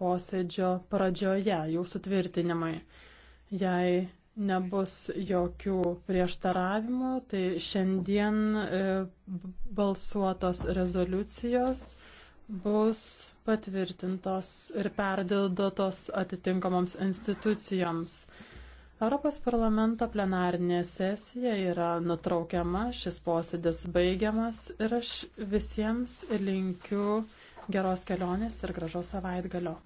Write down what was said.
posėdžio pradžioje, jūsų tvirtinimai. Jei nebus jokių prieštaravimų, tai šiandien e, balsuotos rezoliucijos bus patvirtintos ir perdildotos atitinkamoms institucijoms. Europos parlamento plenarinė sesija yra nutraukiama, šis posėdis baigiamas ir aš visiems linkiu geros kelionės ir gražaus savaitgalio